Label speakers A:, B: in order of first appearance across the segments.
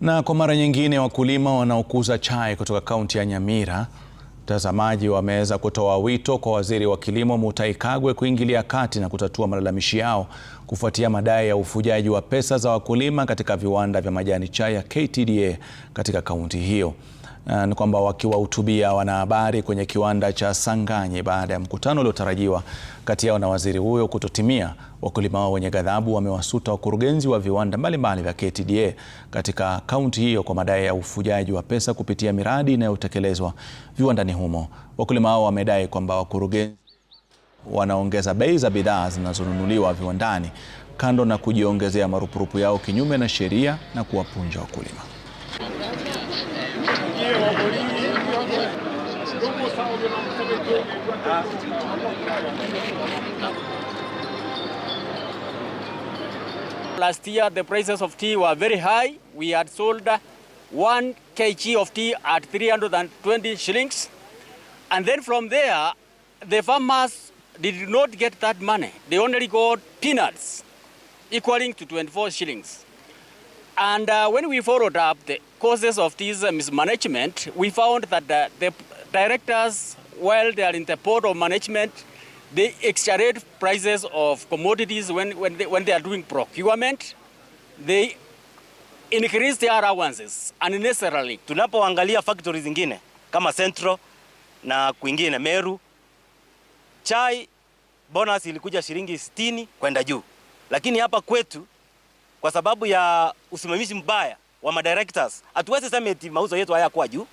A: Na kwa mara nyingine wakulima wanaokuza chai kutoka kaunti ya Nyamira, mtazamaji, wameweza kutoa wito kwa waziri wa kilimo Mutahi Kagwe kuingilia kati na kutatua malalamishi yao kufuatia madai ya ufujaji wa pesa za wakulima katika viwanda vya majani chai ya KTDA katika kaunti hiyo. Eh, ni kwamba wakiwahutubia wanahabari kwenye kiwanda cha Sanganyi baada ya mkutano uliotarajiwa kati yao na waziri huyo kutotimia, wakulima hao wenye ghadhabu wamewasuta wakurugenzi wa viwanda mbalimbali vya KTDA katika kaunti hiyo kwa madai ya ufujaji wa pesa kupitia miradi inayotekelezwa viwandani humo. Wakulima hao wamedai kwamba wakurugenzi wanaongeza bei za bidhaa zinazonunuliwa viwandani kando na kujiongezea marupurupu yao kinyume na sheria na kuwapunja wakulima.
B: Last year the prices of tea were very high. We had sold 1 kg of tea at 320 shillings. And then from there, the farmers did not get that money. They only got peanuts equaling to 24 shillings. And uh, when we followed up the causes of this uh, mismanagement, we found that the, uh, the directors, while they are in the board of management, they exaggerate prices of commodities when, when, they, when they are doing procurement. They increase their allowances unnecessarily.
C: Tunapoangalia factories zingine kama Central na kwingine Meru, chai bonus ilikuja shilingi 60 kwenda juu, lakini hapa kwetu kwa sababu ya usimamizi mbaya wa madirectors. Hatuwezi sema eti mauzo yetu hayakuwa juu.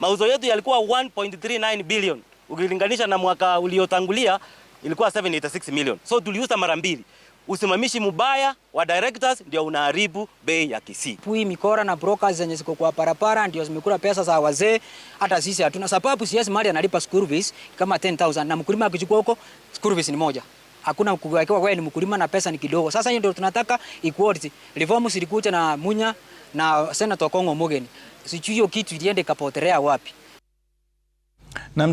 C: Mauzo yetu yalikuwa 1.39 billion ukilinganisha na mwaka uliotangulia ilikuwa 786 million. So tuliuza mara mbili. Usimamishi mbaya wa directors ndio unaharibu bei ya Kisii.
D: Pui mikora na brokers zenye ziko kwa parapara ndio zimekula pesa za wazee. Hata sisi hatuna sababu, siasi mali analipa school fees kama 10000 na mkulima akichukua huko school fees ni moja hakuna kuwekewa wewe ni mkulima na pesa ni kidogo. Sasa hiyo ndio tunataka equality. Reform silikuja na Munya na Senator Kongo Mugeni, sijui hiyo kitu iliende kapotelea wapi